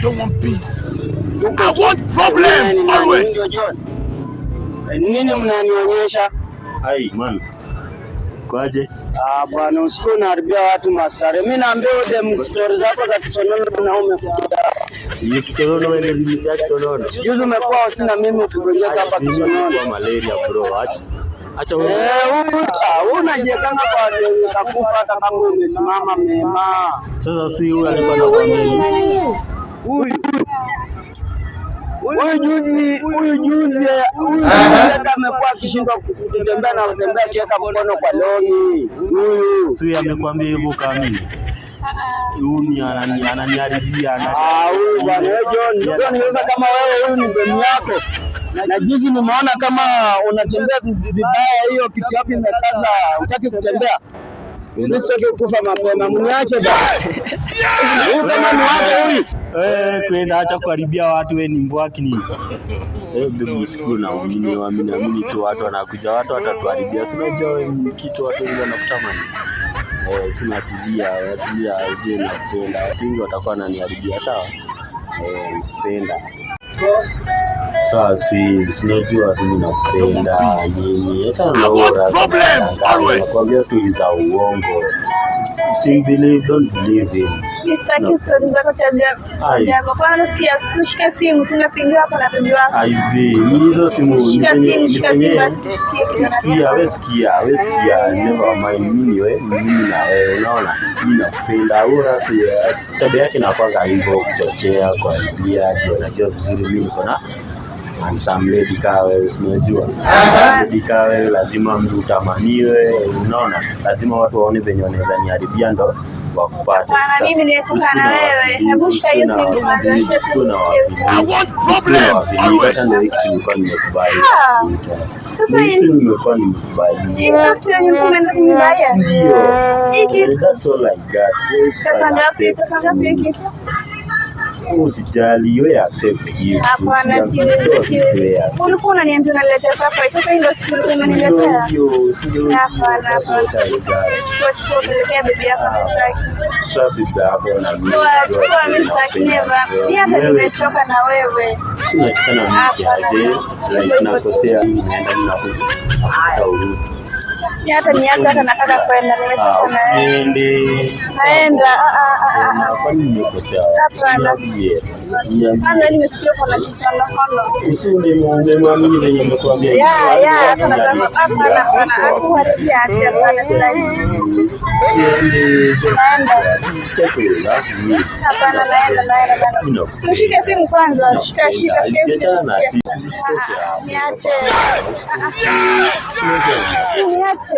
don't want peace. I want problems always. Nini mnanionyesha? Ai, man. Kwaje? Ah, bwana usiku naharibia watu masare. Mimi naambia wewe story zako za kisonono na umekuja. Ni kisonono wewe ni kisonono. Juzi umekuwa mimi ukigonjeka hapa kisonono. malaria bro. Acha. Acha wewe. Eh, ah, kwa hata kama umesimama mema. Sasa si huyu alikuwa huyu huyu juzi huyu juzi huyu amekuwa akishindwa kutembea na kutembea akiweka mkono kwa loni. Huyu si amekwambia hivyo kamili? Huyu ananiharibia ah, niweza kama wewe, huyu ni demu yako, na juzi nimeona kama unatembea vibaya, hiyo kiti yako imekaza, hutaki kutembea sisi sote kufa mapema, mniache kama ni wako huyu Eh, kwenda acha kuharibia watu, wewe ni mbwaki nini? Eh, bibi msikie na waamini, waamini, amini tu watu wanakuja, watu watatuharibia. Sina wewe ni kitu watu wengi wanakutamani. Eh, sina tulia, tulia je na kwenda. Watu wengi watakuwa wananiharibia, sawa? Eh, kupenda. Sasa si sinajua tu ninakupenda nini. Acha na ora. hiyo tu ni za uongo. Simply don't believe him sitaki stori zako cha ajabu. Kwa nasikia shika simu, si unapigiwa hapo na bibi wako. Aizi, hizo simu shika simu, shika simu basi Wewe sikia, wewe sikia, never mind mimi wewe, mimi na wewe unaona? Mimi nakupenda, wewe si eh, tabia yake na hivyo kuchochea kwa bia, unajua vizuri mimi niko na msamledikaa wewe, unajua wewe, lazima mtu utamaniwe, unaona, lazima watu waone venye wanaweza niharibia ndo wakupate. Usijali, wewe accept hiyo. Hapana, siwezi, siwezi. Ulikuwa unaniambia unaniletea surprise. Sasa ndio tulikuwa unaniletea. Hiyo, sio. Hapana, hapana. Chukua, chukua pelekea bibi yako ah, mstaki. Sasa bibi yako na mimi. Chukua mstaki neva. Ni hata nimechoka na wewe. Sina tena mimi aje. Like nakosea, naenda ninakuja. Hata urudi hata niacha hata nataka kwenda, nimechoka ah, naenda. Ah, ah, hapana, simu kwanza, shika shika niache, niache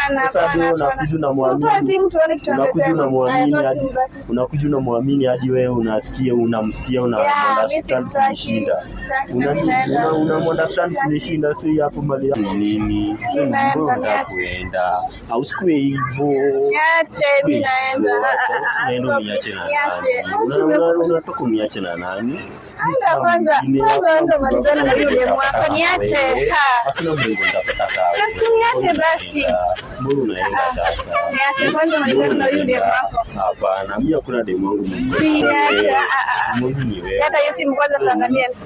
sababu unakuja unamwamini, unakuja unamwamini hadi wewe unasikia unamsikia kunishinda, unamwandastand kunishinda, sio hapo mali nini kuenda au sikue hivyo, unatoka uniache na nani? Hakuna Mungu ndapata kazi, basi unaenda sasa? Hapana, mimi hakuna demu wangu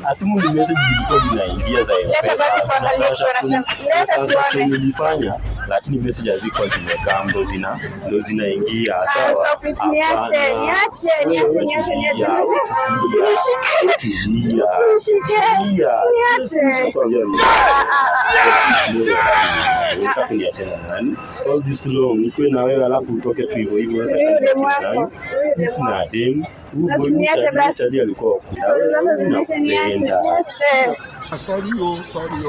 asimu zilikuwa zinaingia zailifanya, lakini meseji hazikuwa zimekaa, ndo zina ndo zinaingia all this long nikuwe na wewe alafu utoke tu hivyo hivyo. sina demu, alikuwa sorry